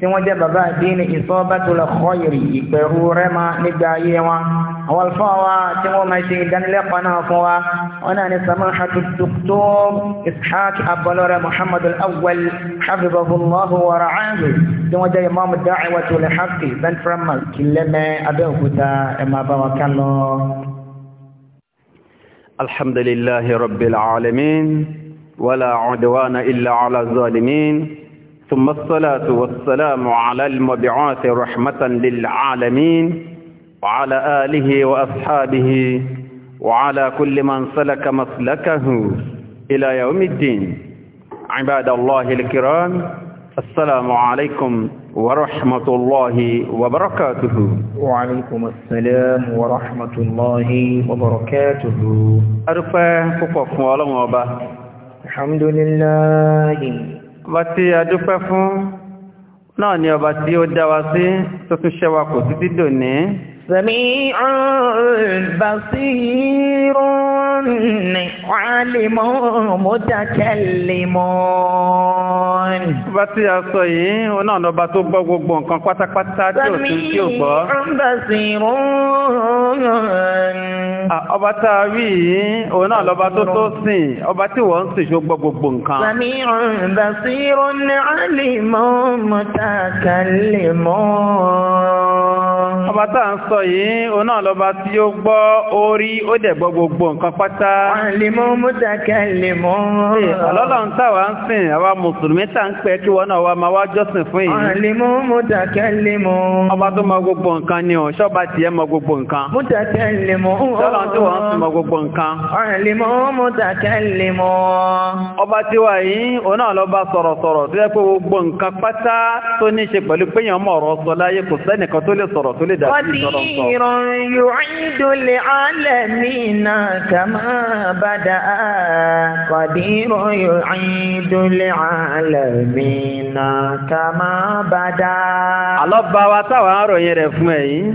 tí wọ́n jẹ́ bàbá àdínì ìsọ́bẹ́tòlẹ̀ kọ́yìrì ìpẹ̀rù rẹ́mà nígbà ayé wa àwọn alfa wa tí wọ́n máa ṣe ìdánilẹ́kọ̀ọ́ náà fún wa wọn náà ní samahatu dr ishaq abọlọrẹ muhammad al-awwal hafizahullahu wa ra'ahu tí wọ́n jẹ́ imam ben haqqi central mosque kìlẹ́mẹ́ abẹ́òkúta ẹ̀ máa bá wa kán lọ. alhamdulillahi rabbil alamin wala cudwana illa ala zalimin. ثم الصلاة والسلام على المبعوث رحمة للعالمين وعلى آله وأصحابه وعلى كل من سلك مسلكه إلى يوم الدين عباد الله الكرام السلام عليكم ورحمة الله وبركاته وعليكم السلام ورحمة الله وبركاته أرفع فقف ولم الحمد لله ọba tí a dúpẹ́ fún náà ni ọba tí ó dá wa sí tó tún ṣẹ́ wa kò títí dòní. Sami'un basirun ni alimọ́ mọ́tàkẹ́lẹ́mọ́. ọba tí a sọ yìí ó náà lọ́ba tó gbọ́ gbogbo nǹkan pátápátá tí ò tún tí ò gbọ́. ọba tá a wí yìí ó náà lọ́ba tó tó sìn ọba tí wọ́n ń sìn ṣó gbọ́ gbogbo nǹkan. sami ọba sí ronú alimọ́ mọ́tàkẹ́lẹ́mọ́. ọba tá a sọ yìí ó náà lọ́ba tí ó gbọ́ orí ó dẹ̀ gbọ́ gbogbo nǹkan pátápátá pátápátá. àlìmọ́ mútàkẹ́ àlìmọ́. ọlọ́lọ́ ń ń sìn àwa mùsùlùmí tà ń pẹ́ kí wọ́n náà wá máa wá jọ́sìn fún yìí. àlìmọ́ mútàkẹ́ àlìmọ́. ọba tó mọ gbogbo nǹkan ni òun ṣọ́ba tiẹ̀ mọ gbogbo nǹkan. mútàkẹ́ àlìmọ́. ṣọ́lá tí wọ́n sì mọ gbogbo nǹkan. àlìmọ́ mútàkẹ́ àlìmọ́. ọba tiwa yìí òun náà lọ bá sọ̀rọ̀sọ̀rọ̀ tó yẹ pé gbogbo nǹkan pátá tó ní ṣe pẹ̀lú pé èèyàn mọ̀ ọ̀rọ̀ sọ láyé kò sẹ́nìkan tó lè sọ̀rọ̀ tó lè dàbí ìsọ̀rọ̀ wọ́n ti ìrọ̀rùn yóò ń dolè alẹ́ mi náà kàmá كما بدأ قدير يعيد العالمين كما بدأ الله بابا توا رو يرفمي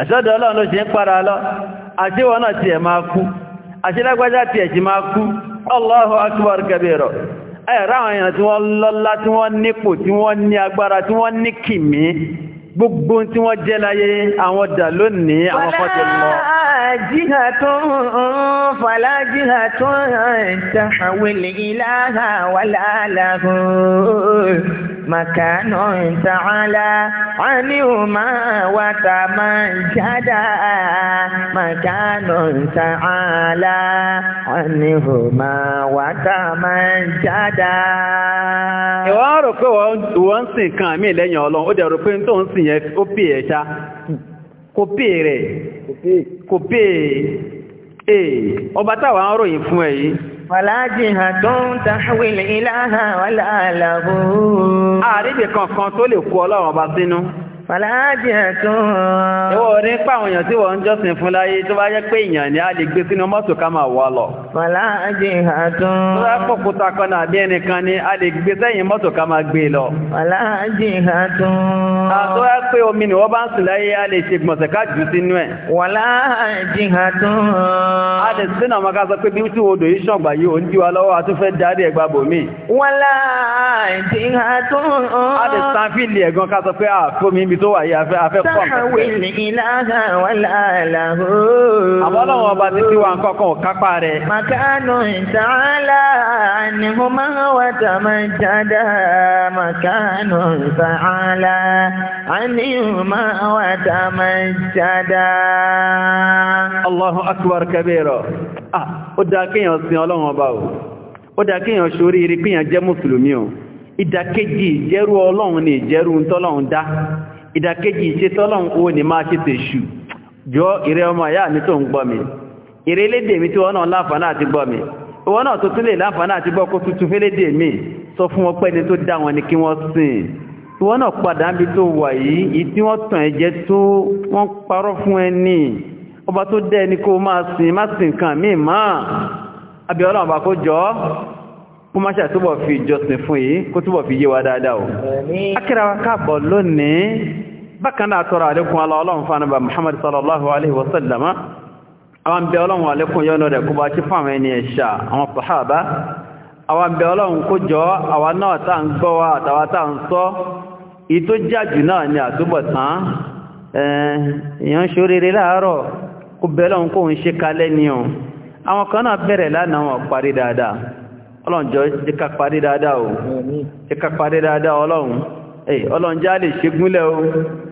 àṣọ́dọ̀ ọlọ́run ló ṣe ń para lọ àti wọn náà tiẹ̀ máa kú àti lágbájá tiẹ̀ ti máa kú Allahu akbar kabiro ẹ̀rọ àwọn èèyàn tí wọ́n lọ́lá tí wọ́n nípò tí wọ́n ní agbára جهة فلا جهة تحول إلها ولا له مكان تعالى عنهما وتمجد مكان تعالى عنهما وتمجد ìwọ rò pé wọ́n ń sìn kan mí lẹ́yìn Ọlọ́run ó dẹ̀ rò pé tó ń sìn yẹn ó pè ẹ̀ṣá kò pè e, eh, ọba ń ròyìn fún ẹ̀yí yìí. Wàlá tó ń tàwílì ìlànà wàlá A Àríbì kankan tó lè kú ọlọ́run ọba sínú. Wàlá jìhà tó ń. Ìwọ ò pé èèyàn ni a lè gbé sínú mọ́tò ká máa lọ. Fọlá jihadun. Tọ́lá pọ̀kúta kan náà bí ẹnìkan ni a lè gbé sẹ́yìn mọ́tò ká máa gbé lọ. Fọlá jihadun. Àtọ́ ẹ pé omi ni wọ́n bá ń sùn láyé a lè ṣe gbọ̀nsẹ̀ ká jù sínú ẹ̀. Wọlá jihadun. A lè sínú àwọn ká sọ pé bí tí odò yìí ṣàngbà yìí ò ń wa lọ́wọ́ a tún fẹ́ darí ẹ̀gbà bòmí. Wọlá jihadun. A lè san مكان تعالى عنهما وتمجد مكان تعالى عنهما وتمجد الله أكبر كبيرا ah ó dá kéèyàn sin ọlọ́run ọba o ó dá kéèyàn ṣorí irí píyàn jẹ́ mùsùlùmí o ìdàkejì ìjẹ́rú ọlọ́run ni ìjẹ́rú tọ́lọ́run dá ìdàkejì ìṣẹ́tọ́lọ́run ó ní máa ṣe tèṣù jọ ìrẹ́ ọmọ àyá mi tó ń gbọ́ mi ìrélédè mi tí wọ́n náà láǹfààní àti gbọ́ mi ìwọ́n náà tó tún lè láǹfààní àti gbọ́ kó tuntun félédè mi sọ fún wọn pẹ́ni tó dá wọn ni kí wọ́n sìn ìwọ́n náà padà ń bi tó wà yìí yìí tí wọ́n tàn ẹ́ jẹ́ tó wọ́n parọ́ fún ẹni ọba tó dẹ́ fi ìjọsìn fún yìí kó túbọ̀ fi yé wa dáadáa o akẹ́rẹ́ wa káàbọ̀ lónìí bákan náà tọrọ Muhammad sallallahu alayhi wa sallam àwọn bẹ ọlọ́run àlékún yọ́nà rẹ̀ kó bá tí ẹni ẹ̀ṣà àwọn sàhábà àwọn bẹ ọlọ́run kó jọ àwọn náà tá ń gbọ́ wa àtàwà ń sọ ìtó jájù náà ni àtúbọ̀tán èèyàn ṣe oríire láàárọ̀ kó bẹ ọlọ́run kó ń ṣe kalẹ́ ni àwọn kan náà bẹ̀rẹ̀ lánàá wọn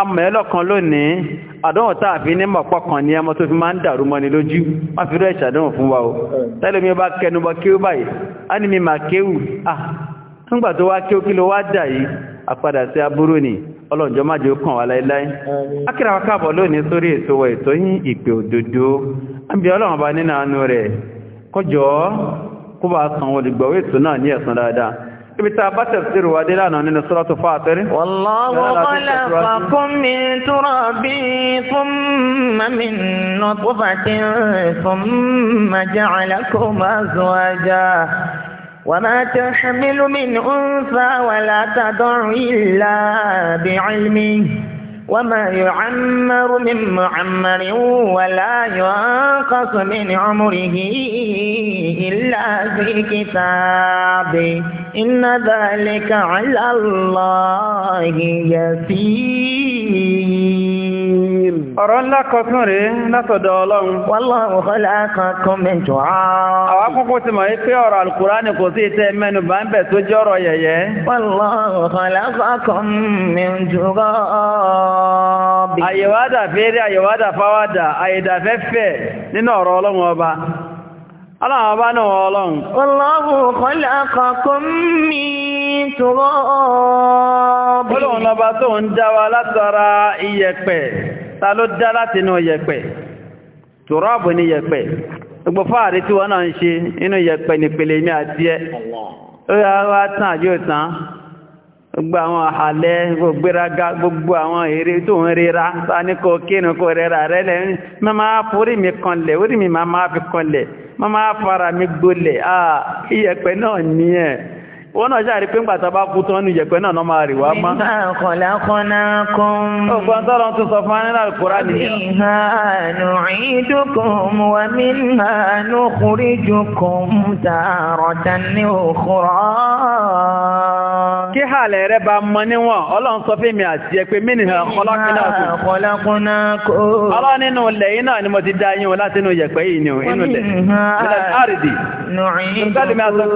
àmọ́ kan lónìí àdánwò tàà fi ní mọ̀pọ̀ kan ní ẹmọ tó fi máa ń dàrú mọ́ni lójú wọ́n fi rẹ̀ ìṣàdánwò fún wa o tẹ́lẹ̀ mi bá kẹnubọ kéwú a ní mi máa kéwù nígbà tó wá kí ló wá dà yìí àpadà sí aburú ni ọlọ́njọ́ má jẹ́ ó kàn wá láíláí akíra káàbọ̀ lónìí sórí ètò wa ètò yín ìpè rẹ̀ kọjọ́ kó bá san ètò náà ní ibi tá a bá tẹ̀síru wa dé lánàá nínú suratu Fatir. wallahu khalaqakum min turabin thumma min nutfatin وما تحمل من أنثى ولا تضع إلا بعلمه وما يعمر من معمر ولا ينقص من عمره إلا في كتاب إن ذلك على الله يسير ọ̀rọ̀ ńlá kan tún rèé látọ̀dọ̀ ọlọ́run wallahu khalaqakum min turab àwọn akọ́kọ́ ti mọ̀ pé ọ̀rọ̀ Al-Qur'ani kò sí ìtẹ́ mẹ́nu bá ń bẹ̀ tó jẹ́ ọ̀rọ̀ yẹ̀yẹ́ wallahu khalaqakum min turab ọlọ́run Ọlọ́run ọba náà ọlọ́run. Wallahu khalaqakum min turab. Ọlọ́run ọba tó ń dá látara iyẹ̀pẹ̀ ta ló dá láti inú yẹ̀pẹ̀ tòrọ́ọ̀bù ní yẹ̀pẹ̀ gbogbo fáàrí tí wọ́n náà ń ṣe inú yẹ̀pẹ̀ nípele mi àti ẹ́ ó yá wá tàn yóò tán gbogbo àwọn àhàlẹ́ gbogbogbéraga gbogbo àwọn èrè tó ń rira ta ní kò kínú kò rẹra rẹ lẹ mọ mi kanlẹ̀ orí mi máa fi kanlẹ̀ mọ fara mi gbolẹ̀ ah iyẹ̀pẹ̀ náà ní ẹ̀ wọ́n náà ṣáàrí pé ń gbàtà bá kú tán ní ìyẹ̀pẹ̀ náà náà máa rí wá má. nígbà kọ̀lákọ́nákún. ọgbọ́n tọ́rọ tún sọ fún anínà kúrá nìyẹn. ìhà nùídùkùn wà mímà nùkúrídùkùn tààrọ̀tàn ní òkúrọ̀. kí hàlẹ̀ rẹ bá mọ níwọ̀n ọlọ́run sọ fún mi ilẹ̀ yìí náà ni mo ti dá yín o láti ìyẹ̀pẹ̀ yìí ni o inú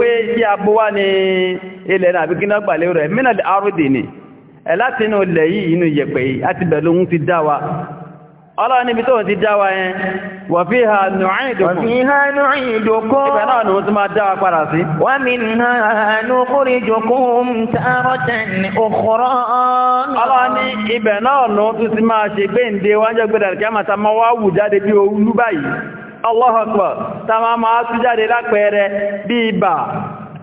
ilẹ̀ ilẹ̀ náà àbíkí náà gbàlẹ́ rẹ̀ mínàlì arúdì ni ẹ láti inú ilẹ̀ yìí inú yẹ̀pẹ̀ yìí àti bẹ̀lú ohun ti dá wa ọlọ́ níbi tó ti dá wa yẹn wà fi ha nùídùkún ibẹ̀ náà ni wọ́n ti máa dá wa padà Allah akbar ta máa máa tú jáde lápẹẹrẹ bí ibà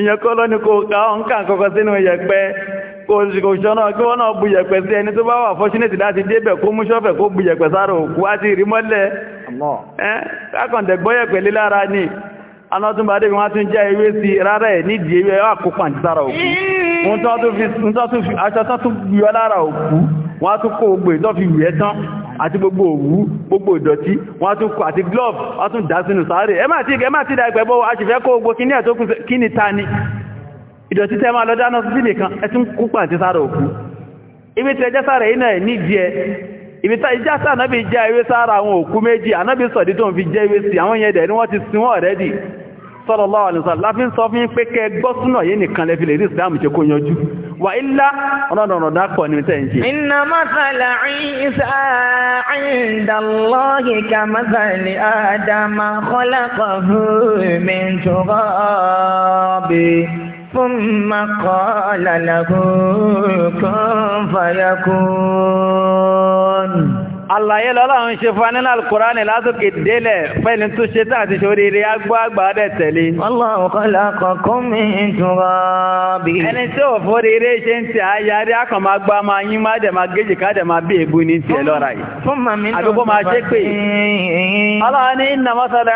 ìyẹn kọ́ lọ́ni kò ká ọ̀nkà kọ́kọ́ sínú yẹ̀pẹ̀ kò ṣọ́nà kí wọ́n náà bu yẹ̀pẹ̀ sí ẹni tó bá wà fọ́ṣínẹ̀tì láti débẹ̀ kó mú ṣọ́fẹ̀ kó bu yẹ̀pẹ̀ sára òkú àti ìrímọ́lẹ̀ ẹ́ kákàndẹ̀gbọ́ yẹ̀pẹ̀ lílára ni anátúnbàdé wọn tún jẹ́ ewé sí rárá ẹ̀ nídìí ewé wà kó pàǹtí sára òkú wọ́n tún fi aṣọ tán tún yọ lára òkú wọ́n tún kó gbogbo ìtọ́ fi wùẹ́ tán àti gbogbo òwú gbogbo ìdọ̀tí wọ́n tún kó àti glove wọ́n tún dá sínú sáré ẹ má ti dá ìgbẹ̀bọ́ a sì fẹ́ kó gbogbo kíní ẹ̀ tó kún kí ni ta ni ìdọ̀tí tẹ́ máa lọ dáná sí nìkan ẹ tún kó pàǹtí sára òkú ibi tí ẹjẹ́ sára yìí náà nídìí sáà náà fi jẹ́ ewé sára àwọn òkú méjì ànábì sọ̀dí tó ń fi jẹ́ ewé sí àwọn yẹn dẹ̀ wọ́n ti sin wọ́n sallallahu alaihi wasallam láfí ń sọ fún pé kẹ gbọ́ yìí nìkan lẹ́fi lè rí ìsìlámù tí kò yanjú wà ilá ọ̀nàdọ̀nàdà pọ̀ ní tẹ́ ń ṣe. inna mathala Isa inda Allahi ka mathali Adama khalaqahu min turabin qala lahu kun fayakun àlàyé lọ́lọ́run ṣe fún anínà alkùránì látòkè délẹ̀ fẹ́ni tó ṣe tán àti ṣoríire agbágbà dẹ̀ tẹ̀lé. Allahu khalaqakum min turabin. ẹni tí ò fóríire ṣe ń tẹ ayarí akọ̀mọ́ agbá máa yín máa dẹ̀ máa géjì ká dẹ̀ máa bí ègbú ní tiẹ̀ lọ́ra yìí. fún màmí náà àdúgbò máa ṣe pé aláàní inna masala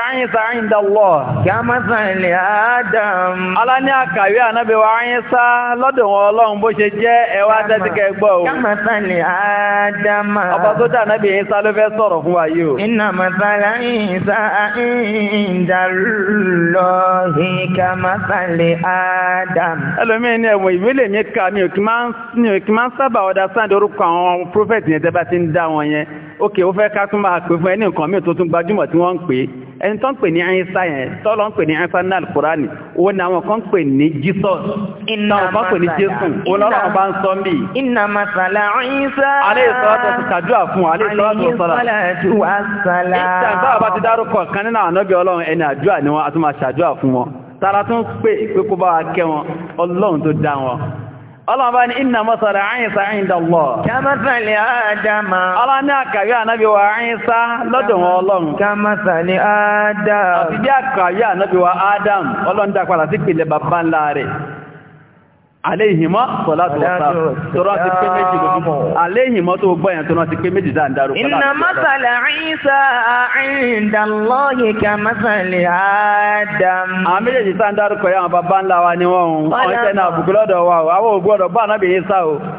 Isa Ànábì Ìsá ló fẹ́ sọ̀rọ̀ fún wa yìí o. Inna mathala Ìsá inda Allahi ka mathali Adam. Ẹlòmíì ní ẹ̀wọ̀n ìwé lè mi kà mi ò máa ń sábà ọ̀dà sáàdì orúkọ àwọn prophet yẹn tẹ́ bá ti ń dá wọn yẹn ókè ó fẹ́ ká tún máa pè fún ẹni nǹkan míì tó tún gbajúmọ̀ tí wọ́n ń pè ẹni tó ń pè ní Ìsá yẹn tọ́lọ́ ń pè ní Ìsá ní alukurani òun ni àwọn kan ń pè ní Jesus táwọn kan pè ní Jésù olọ́rọ̀ bá ń sọ mí. iná masala Ìsá. alẹ́ ìsọ́lá tó ṣàdúrà fún wa alẹ́ ìsọ́lá tó sọ́lá. alẹ́ ìsọ́lá tó sọ́lá. ìtàn bá ti dárúkọ kan nínú àwọn ànábì Ọlọ́run ẹni àdúrà ni wọ́n á tún máa ṣàdúrà fún wọn tara tún pè pé kó bá wa kẹ́ wọn Ọlọ́run tó dá wọn ọlọ́ọ̀bá ní iná mọ́sàrà àyíṣà ìdàlọ́. kẹmọ́sàlẹ̀ àádámà. ọlọ́ní àkàrí ànábí wa àyíṣà lọ́dọ̀ wọn ọlọ́run. kẹmọ́sàlẹ̀ àádámà. àti bí àkàrí ànábí wa àádámà ọlọ́ndà padà sí pìlẹ̀ bàbá ńlá rẹ̀ aléhìmọ́ aléhìmọ́ tó gbọ́ yẹn tó náà ti pé méjì dáa ń dárò pẹ́lá iná mọ́sàlẹ̀ Ìsá àìndàlọ́yẹ kà mọ́sàlẹ̀ Adam àwọn méjèèjì tá ń dárò pẹ̀lá àwọn bàbá ńlá wa ni wọ́n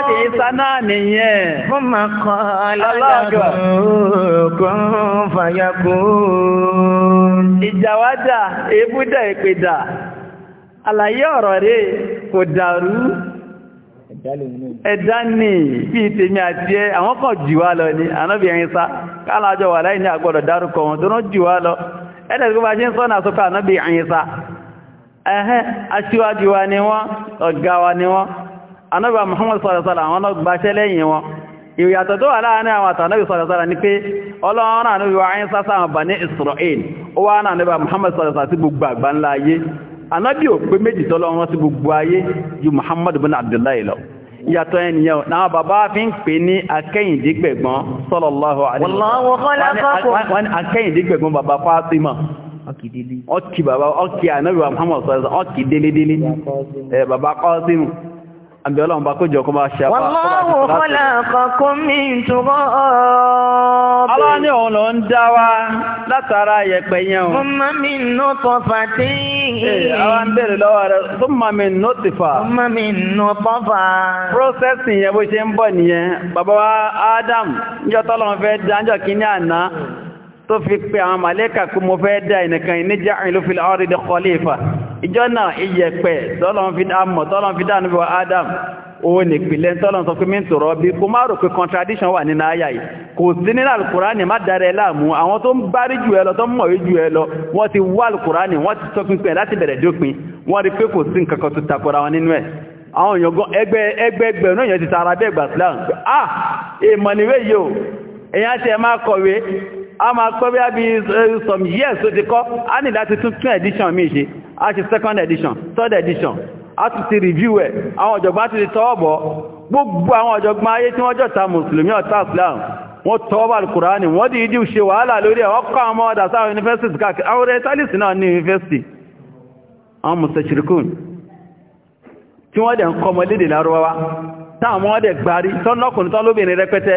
láti ìsá náà nìyẹn. Fún ma kọ́ aláàgbà kún fàyàkùn. Ìjàwádà, èébúdà, ìpèdà, àlàyé ọ̀rọ̀ rẹ̀ kò dàrú. Ẹ̀dá ní bí àti ẹ, àwọn kan jù wá lọ ní, ànábìnrin sá, káàlájọ wà láì ní àgbọ̀dọ̀ dárúkọ wọn tó rán jù wá lọ. Ẹ̀dẹ̀ tó bá ṣe ń sọ́nà anábà Muhammad sọ̀rọ̀sọ̀rọ̀ àwọn náà gbaṣẹ́ lẹ́yìn wọn ìyàtọ̀ tó wà láàrin àwọn àtànábì sọ̀rọ̀sọ̀rọ̀ ní pé ọlọ́run ànábì wa ayín sásá àwọn Bani Israel ó wá náà níbà Muhammad sọ̀rọ̀sọ̀rọ̀ sí gbogbo àgbà ńlá ayé anábì ò pé méjì tọ́lọ́run sí gbogbo ayé ju Muhammad bin Abdullahi lọ yàtọ̀ ènìyàn náà bàbá fi ń pè ní akẹ́yìndígbẹ̀gbọ́n sallallahu alaihi wọ́n ni akẹ́yìndígbẹ̀gbọ́n bàbá Fátímà ọkì bàbá ọkì ànábì Muhammad sallallahu alaihi ọkì délédélé bàbá Kásímù àbí ọlọ́run bá kójọ kó máa ṣe àpá Wallahu khalaqakum min turab Allah ní òun ló ń dá wa látara Adam níjọ́ tọ́lọ́run fẹ́ dáńjọ́ kíní àná tó fi pe àwọn màlẹ́kà kú mo fẹ́ dá ẹnìkan ìníjà ìlú fil ardi khalifa ìjọ náà iyẹ̀pẹ̀ tọ́lọ́n fi dámọ̀ tọ́lọ́n fi dánú Adam ó ní ìpìlẹ̀ tọ́lọ́n sọ pé mí ń tọ̀rọ̀ bí kó má alukurani má dára ẹ láàmú àwọn tó ń bárí jù ẹ lọ alukurani wọ́n ti sọ pínpín láti bẹ̀rẹ̀ dópin wọ́n rí pé kò sí nǹkan kan tó takora wọn nínú náà yẹn ti tara bẹ́ẹ̀ gbà sílá ah èèmọ̀ níwé yìí o èèyàn ṣe máa kọ̀wé a máa kọ́ bí eh, some years tó ti kọ́ a ní láti tún tún edition mi ṣe a ṣe second edition third edition a ti ti review ẹ̀ àwọn ọ̀jọ̀gbọ́n ti ti tọ́ọ̀bọ̀ gbogbo àwọn ọ̀jọ̀gbọ́n ayé tí wọ́n jọta mùsùlùmí ọ̀tá Islam wọ́n tọ́ọ̀bà alkùránì wọ́n dìídí ṣe wàhálà lórí ẹ̀ wọ́n kọ́ àwọn ọmọdà sáwọn university káàkiri àwọn orientalist náà ní university àwọn mùsùlùmí tí wọ́n dẹ̀ ń kọmọ lédè lárúwáwá táwọn ọmọdẹ̀ gbárí tọ́nà ọkùnrin tọ́lóbìnrin rẹpẹtẹ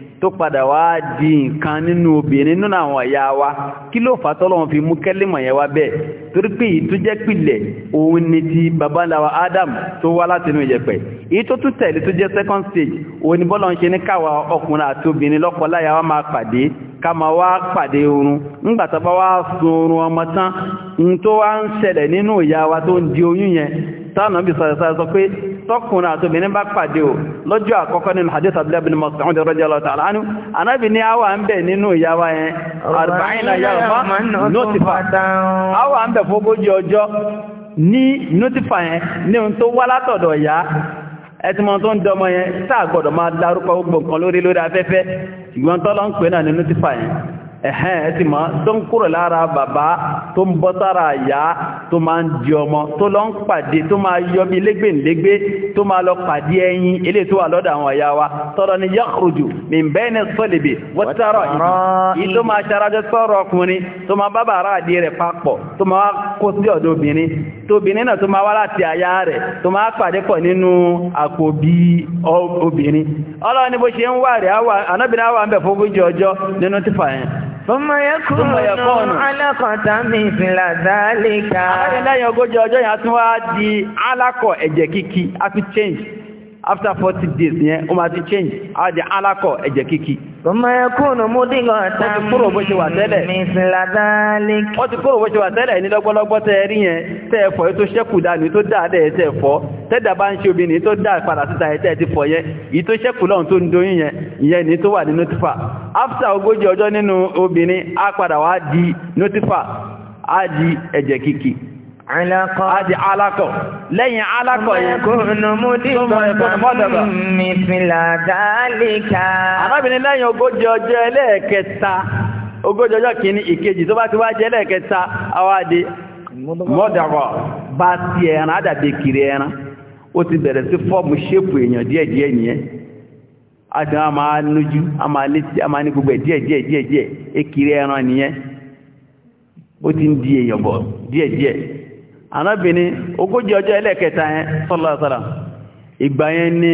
tó padà wá di nǹkan nínú obìnrin nínú àwọn ọ̀yá wa kí ló fà tọ́lọ́wọ́n fi mú kẹ́lẹ́mọ̀ yẹn wá bẹ́ẹ̀ torí pé èyí tó jẹ́ pìlẹ̀ òun ni ti babaláwa Adam tó wá látinú ìyẹ̀pẹ̀ èyí tó tún tẹ̀lé tó jẹ́ second stage òun ni bọ́lọ̀ ń ṣe ní káwa ọkùnrin àti obìnrin lọ́kọ láya wa máa pàdé ká máa wá pàdé oorun ńgbà tó bá wá sun oorun ọmọ tán ń tó wá ń ṣẹlẹ̀ nínú ìyá wa tó ń di oyún yẹn táwọn náà bí sọ̀rọ̀ sọ pé tọkùnrin àti obìnrin bá pàdé o lọ́jọ́ àkọ́kọ́ nínú hadith abdullahi bin Mas'ud radiyallahu ta'ala anhu anábì ní àwà ń bẹ̀ nínú ìyáwá yẹn arba'ina yawma notifa àwà ń bẹ̀ fógójì ọjọ́ ní notifa yẹn ní ohun tó wá látọ̀dọ̀ ìyá ẹtìmọ̀ tó ń dọmọ yẹn sáà gbọ́dọ̀ máa dárúkọ gbogbo nǹkan lórí lórí afẹ́fẹ́ ìgbọ́n tọ́lọ́ ń pè náà ní notifa yẹn ẹ̀hẹ́n ẹ̀sì máa tó ń kúrò lára bàbá tó ń bọ́ sára àyá tó máa ń di ọmọ tó lọ ń pàdé tó máa yọ bí légbèǹlégbé tó máa lọ pàdé ẹyin ilé tó wà lọ́dọ̀ àwọn àyá wa tọ́rọ ni yakhruju min bayni sọ́lẹ̀bẹ̀ wọ́tàrọ̀ yìí tó máa ṣarajọ́ sọ́rọ̀ ọkùnrin tó máa bá bàrá àdí rẹ̀ papọ̀ tó máa kó sí ọ̀dọ̀ obìnrin tó obìnrin náà tó máa wá láti àyá rẹ̀ tó máa pàdé pọ̀ bó ṣe ń wà rẹ̀ anábìnrin àwọn àbẹ̀ fógójì ọjọ́ nínú tífà yẹn Fọ́mọ yẹ́kùnrùn-ún alákọ̀ọ́ta mi ìfìlà dáálé ká. Àwọn ẹ̀lẹ́yìn ogójì ọjọ́ yẹn a tún di alákọ̀ ẹ̀jẹ̀ kíkí, a tún change. after forty days yẹn o máa ti change á di alákọ̀ ẹ̀jẹ̀ kíkì. ọmọ ẹkùnrin mú dìgọ̀ tá a dálé. ti kúrò bó ṣe wà tẹ́lẹ̀ ní lọ́gbọ́lọ́gbọ́ tẹ́ ẹ rí yẹn tẹ́ ẹ tó ṣẹ́kù tó dáa tẹ́ ẹ tẹ́dà bá ń ṣe obìnrin tó dáa padà síta notifa after ogójì ọjọ́ nínú obìnrin á padà wá notifa á di alakọ, Adi Alakọ Lẹ́yìn Alakọ yìí. Kòrò mú dìbọn mi fìlà dálíkà. Arábìnrin lẹ́yìn ogójì ọjọ́ ẹlẹ́ẹ̀kẹta, ogójì ọjọ́ kìíní ìkejì tó bá ti wá jẹ́ ẹlẹ́ẹ̀kẹta, bá ti ẹran kiri ẹran. Ó ti bẹ̀rẹ̀ sí fọ́ọ̀mù ṣépù èèyàn díẹ̀díẹ̀ nìyẹn. A ti máa a máa létí, a máa ní gbogbo ekiri ẹran nìyẹn. Ó ti ń di èèyàn anábìnrin ogójì ọjọ́ ẹlẹ́kẹta yẹn sọ́lọ́sọ́lá ìgbà yẹn ni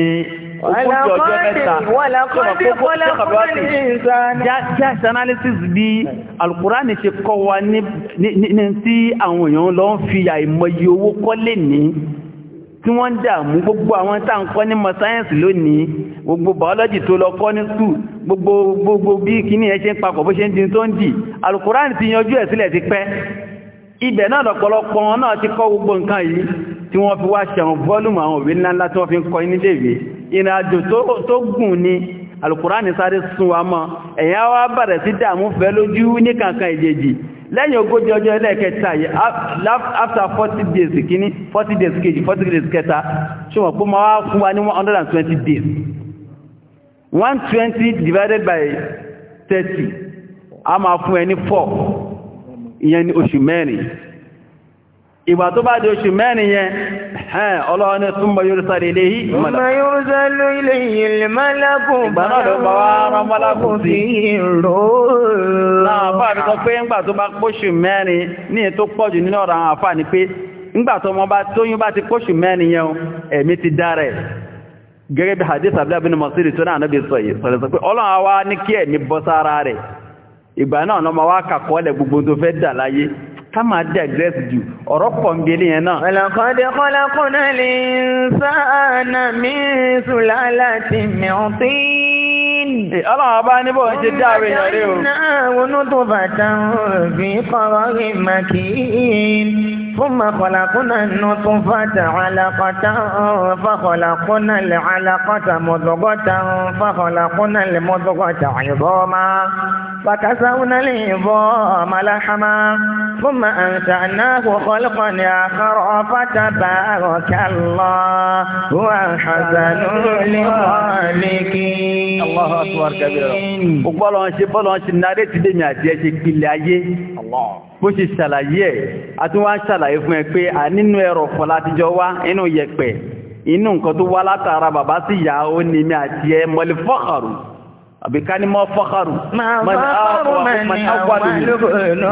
ogójì ọjọ́ mẹ́ta just analysis bí alukurani ṣe kọ́ wa ní tí àwọn èèyàn lọ ń fi àìmọye owó kọ́lé ní tí wọ́n ń dààmú gbogbo àwọn tá à ń kọ́ ní mọ sáyẹ́nsì lónìí gbogbo biology tó lọ kọ́ ní skul gbogbo gbogbo bí kíní ẹ ibẹ̀ náà lọ̀pọ̀lọpọ̀ wọn náà ti kọ́ gbogbo nǹkan yìí tí wọ́n fi wá ṣẹ̀wọ̀n fọ́lùmù àwọn òwe ńláńlá tí wọ́n fi ń kọ́ ní dèbè ìrìnàjò tó gùn ni alùkùránì sáré sun wa mọ́ ẹ̀yà wá bàrẹ̀ sí dààmú fẹ́ lójú ní kankan ìjèjì lẹ́yìn ogójì ọjọ́ ẹlẹ́ẹ̀kẹta yìí after 40 days kìíní 40 days kejì 40 days kẹta ṣùgbọ́n pọ́ ma wá fún 120 divided by 30 a máa fún ẹ ìyẹn ni oṣù mẹ́rin ìgbà tó bá di oṣù mẹ́rin yẹn ẹ̀hẹ́n ọlọ́run ní túnbọ̀ yóò sáré ilé yìí mọ́lá yóò sáré ilé yìí mọ́lákùn ìgbà náà ló bá wá rán mọ́lákùn sí ìró náà àfáà mi sọ pé ńgbà tó bá póṣù mẹ́rin ní ètò pọ̀jù nínú ọ̀rọ̀ àwọn àfáà ni ti póṣù ti gẹ́gẹ́ bí hadith abdullahi bin masiri tó náà náà bí sọ yìí sọ̀rọ̀ sọ pé ọlọ́run ní kí ẹ̀mí bọ́ sára rẹ̀ ìgbà náà ọ̀nà máa wá kàkọ́ọ̀lẹ̀ gbogbo tó fẹ́ dà láyé ká máa dẹ̀grẹ́sì jù ọ̀rọ̀ pọ̀ ń gbélé yẹn náà. Walaqad khalaqnal insana min sulalatin min tin. ọlọ́run bá níbọ̀ ń ṣe dáre yẹn rí o. wọnú tó bàtà fi qararin makin. ثم خلقنا النطفة علقة فخلقنا العلقة مضغة فخلقنا المضغة عظاما فكسونا العظام لحما ثم أنشأناه خلقا آخر فتبارك الله هو حسن الخالقين الله أكبر كبيرا ọgbọ́lọ́ ṣe bọ́lọ́ ṣe náà ti dèmi àti ẹ ṣe gbilẹ̀ ayé bó ṣe ṣàlàyé ẹ̀ a tún wá ṣàlàyé fún ẹ pé a nínú ẹ̀rọ fọlá àtijọ́ wá inú yẹ̀pẹ̀ inú nǹkan tó wá látara bàbá sí ìyá ó ní mi àti ẹ mọ́lẹ́fọ́kàrù àbí ká ní mọ́ fọ́kàrù mọ́n àwọ̀ mọ́n àwọ̀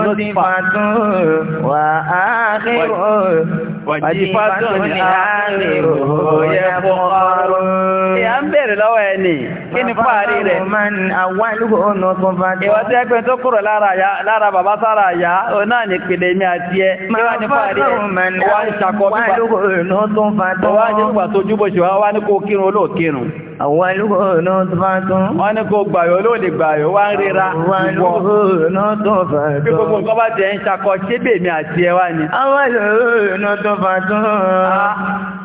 lódìfàtò wà áàrẹ̀rọ̀ wàjífàtò ní ààrẹ̀rọ̀ yẹ fọ́kàrù. ìyá ń bèèrè lọ́wọ́ ẹni kí ni fáàrí rẹ̀. ìwọ tí ẹgbẹ́ tó kúrò lára bàbá sára àyà òun náà ní ìpìlẹ̀ mi àti ẹ wá ní fáàrí ẹ̀ tó bá tún. Wọ́n ní kó gbàyọ̀ ló lè gbàyọ̀ wá ń ríra. Àwọn olùkọ́nà tó bá tún. Bí gbogbo nǹkan bá jẹ́ ń ṣakọ ṣébè mi àti ẹwà ni. Àwọn olùkọ́nà tó bá tún.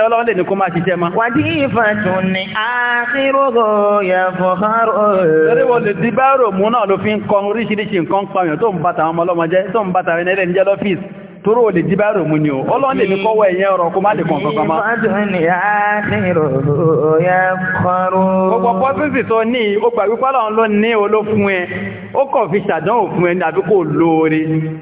yẹn ọlọ́run lè ní kó máa ṣiṣẹ́ ma. wà tí ìfàtún ni àkírògò yẹ fọ̀kárò. torí wo lè ti bá rò mú náà ló fi ń kọ oríṣiríṣi nǹkan pààyàn tó ń bàtà àwọn ọmọlọ́mọjẹ́ tó ń bàtà ẹni ẹlẹ́ni jẹ́ lọ́fíìsì torí o lè jí bá mú ni o ọlọ́run lè ní kọ́wọ́ ẹ̀yẹn ọ̀rọ̀ kó má lè kàn kankan mọ́. gbogbo pọ́sísì tó ní ó gbà wípé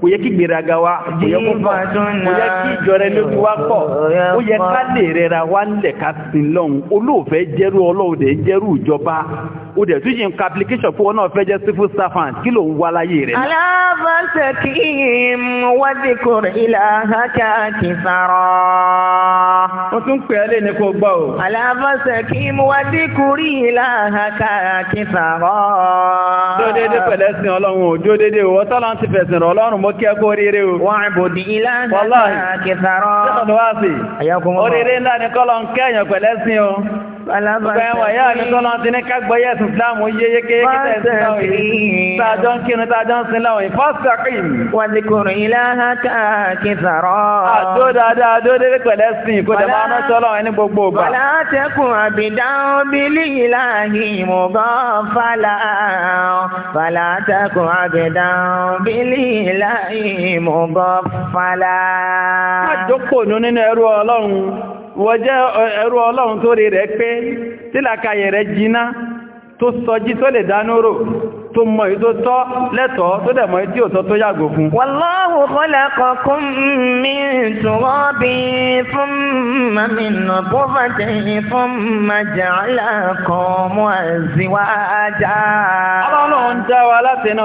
kò yẹ kí gbèraga wa kò yẹ kó fà kò yẹ kí ìjọra lójú wa pọ̀ ó yẹ ká lè rẹra wa ń lẹ̀ ká sin lọ́hùn olóòfẹ́ jẹ́rú ọlọ́ọ̀dẹ̀ jẹ́rú ìjọba ó dẹ̀ tún yìí ń ka application fún wọn náà fẹ́ jẹ́ civil servant kí ló ń wá láyé rẹ̀. alábàṣẹ kì í mú wájú kúrò ilà hákà kì í sàrọ̀. wọ́n tún pè é lé ní kó gbọ́ o. alábàṣẹ kì í mú wájú kúrò ilà hákà kì í sàrọ̀. dúró pẹ̀lẹ́ sin ọlọ́run o dúró déédéé o tọ́lá ti fẹ̀sìn rọ̀ ọlọ́run mo kí ẹ kó rere o. wọ́n á bòdì ilà hákà kì í sàrọ̀. Gbogbo ẹwọ̀n yáà ní tọ́lọ́ ti ní kágbọ́yẹ̀ sí Ìsìláàmù yé yéké kíta ẹ̀sìn láwọn yìí. Tàjọ́ ń kírun tàjọ́ ń sin láwọn yìí. Fọ́sì àkìyìn. Wàlìkùnrin ìlànà káàkiri sàrọ̀. Àdó dáadáa, àdó délé pẹ̀lẹ́ sí Ọlọ́run wọ́n jẹ́ ẹrú ọlọ́run tó rí rẹ̀ pé tílàkàyè rẹ̀ jiná tó sọjí tó lè dánúrò tó mọ̀ èyí tó tọ́ lẹ́tọ̀ọ́ tó dẹ̀ mọ̀ èyí tí tó yàgò fún. Wallahu khalaqakum min turabin thumma min nutfatin thumma ja'alakum azwaja. Ọlọ́run dá wa láti inú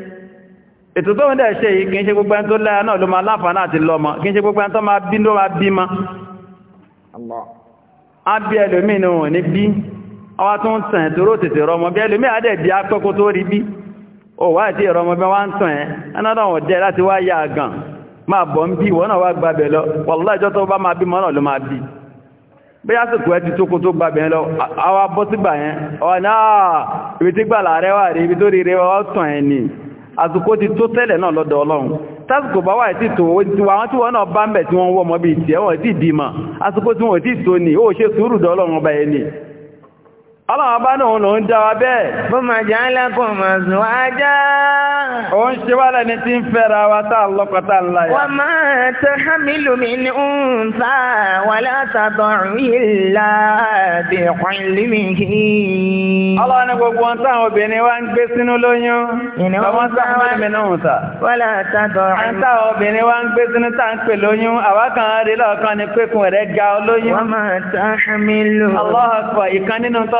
ètò tó ń dẹ̀ ṣe yìí kí n ṣe gbogbo ẹn tó lẹ́yà náà ló máa láǹfààní àti lọ́mọ kí n ṣe gbogbo ẹn tó máa bí ló máa bí ma a bí ẹlòmí ni wọ́n ní bí ọwá tó ń tàn tóró tètè rọmọ bí ẹlòmí àdẹ̀ bí akọ́kó tó rí bí ó wá àti ìrọmọ bí wọ́n tàn ẹ́ ẹnádọ́ wọn jẹ́ láti wá yá àgàn máa bọ̀ ń bí ìwọ náà wá gbàbẹ̀ lọ wàlúwà ìjọ tó bá máa bí mọ́ náà àsìkò ti tó tẹ́lẹ̀ náà lọ́dọ̀ ọlọ́run tásìkò bá wà tí tó àwọn tí wọ́n náà bá ń bẹ̀ tí wọ́n wọ́ mọ́ bí ìtì ẹ̀wọ̀n tí ìdìmọ̀ àsìkò tí wọ́n tí tó ní ó ṣe sùúrù dọ́lọ́run ọba ẹni Ọlọ́run bá náà lòun dá wa bẹ́ẹ̀. Bó ma jẹ́ alákùn máa zùn wá já. Ó ń ṣe wá lẹ́ni tí ń fẹ́ra wa tá lọ́kọ̀tà ńlá yà. Wà máa tẹ hamilu mi ní oúnta wà látàdọ̀rùn ìlà bí ìkọ̀lì mi kì í. Ọlọ́run ní gbogbo ohun táwọn obìnrin wa ń gbé sínú lóyún. Ìnáwó ń gbé sínú tá ń pè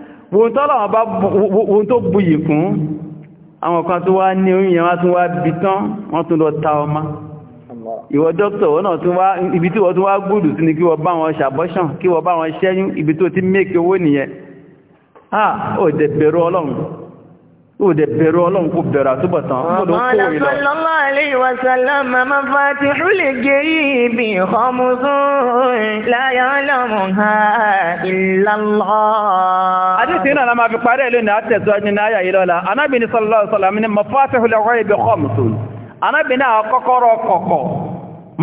wọ́n tọ́lọ̀ wọn bá wọ́n tó buyì fún àwọn kan tó wá ní oúnjẹ wá tún wá bí tán wọ́n tún lọ ta ọmọ ìwọ dókítà wọ́n náà tún wá ibi tí wọ́n tún wá gbùdù sí ni kí wọ́n bá wọn ṣàbọ́ṣàn kí wọ́n bá wọn ṣẹ́yún ibi tó ti mẹ́kẹ̀ owó nìyẹn ah ó dẹ̀ ọlọ́run òde bẹ̀rù ọlọ́run kò bẹ̀rù àtúbọ̀tán gbọ́dọ̀ kó ìlọ. ọ̀pọ̀lọpọ̀ sallallahu alaihi wasallam mafatihul ghaibi khamsun la ya'lamuha illa Allah. àdìsí náà la máa fi parí ẹ̀lú ní àtẹ̀síwájú ní ayà yìí lọ́la anábì ní sallallahu alaihi wasallam ní mafatihul ghaibi khamsun náà kọ́kọ́rọ́ kọ̀kọ̀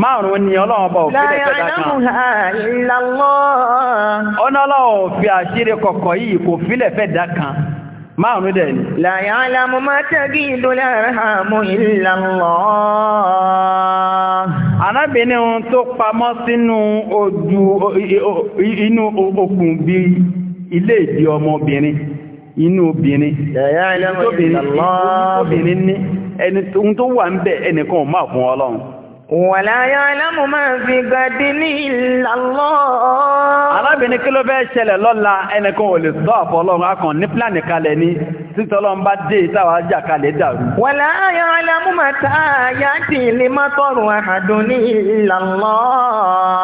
márùn ni ọlọ́run ọba òfin ẹgbẹ́ dákan ọ̀nà ọlọ́run òfin àṣírí kọ̀kọ̀ yìí kò fílẹ̀ fẹ́ dákan márùn-ún dẹ̀ ni. la ya'lamu ma tagidul arhamu illa Allah. arábìnrin tó pamọ́ sínú ojú inú okùn bí ilé ìdí ọmọbìnrin inú obìnrin obìnrin ní ẹni tó wà ń bẹ ẹnìkan máa fún ọlọ́run. wala ya'lamu ma fi gadi illa Allah. arábìnrin kí ló fẹ́ ṣẹlẹ̀ lọ́la ẹnìkan ò lè sọ àfọlọ́run akàn ní pílànì kalẹ̀ ní títọ́lọ́n bá dé ìtawà jà kalẹ̀ dàrú. wala ya'lamu mata ya'ti limataru ahadun illa Allah.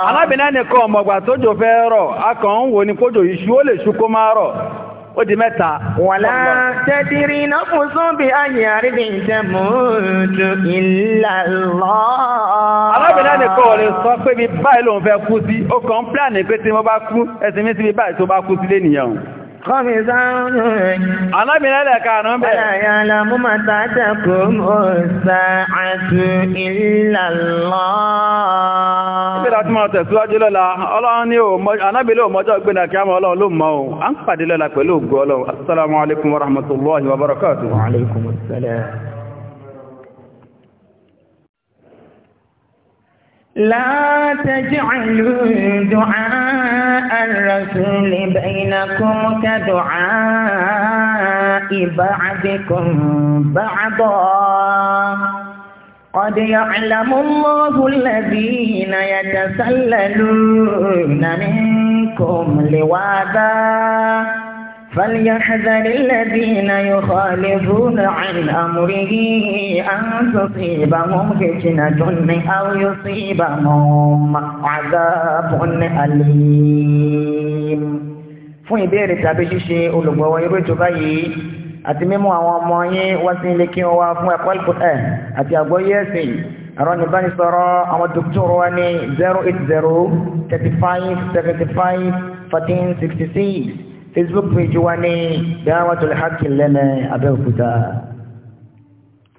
arábìnrin ẹnìkan ọmọgbà tójò fẹ́ rọ̀ akàn ń ó di mẹ́ta. wàlá tẹ́tìrì iná fún sóbì ayé àríbí ìtẹ̀mú ojú ìlàlọ́. arábìnrin ẹni kọ́ ọ̀rẹ́ sọ pé mi báyìí lòun fẹ́ kú sí ó kàn ń pílànì pé tí mo bá kú ẹ̀sìn mi síbi báyìí tó bá kú sílé nìyẹn kọ́mi sáwọn ọ̀rẹ́. Anábìnrin ẹ̀lẹ̀ karùn-ún bẹ̀. Aláya la mú ọlọ́run ní ò mọ́jọ́ gbé náà ọlọ́run ló mọ́ لا تجعلوا دعاء الرسول بينكم كدعاء بعضكم بعضا قد يعلم الله الذين يتسللون منكم لواذا فليحذر الذين يخالفون عن أمره أن تصيبهم فتنة أو يصيبهم عذاب أليم fún ìbéèrè tàbí ṣíṣe olùgbọ̀wọ́ irú ètò báyìí àti mímú àwọn ọmọ yín wá sí ilé kí wọ́n wá fún ẹ̀kọ́ ẹ̀kọ́ ẹ̀ àti àgbọ́yé ẹ̀sìn ẹ̀rọ ìbánisọ̀rọ̀ àwọn dókítọ̀rọ̀ wa ní zero eight zero thirty five facebook page wa ní dáwàtò lẹ́hàkì lẹ́nà abẹ́òkúta.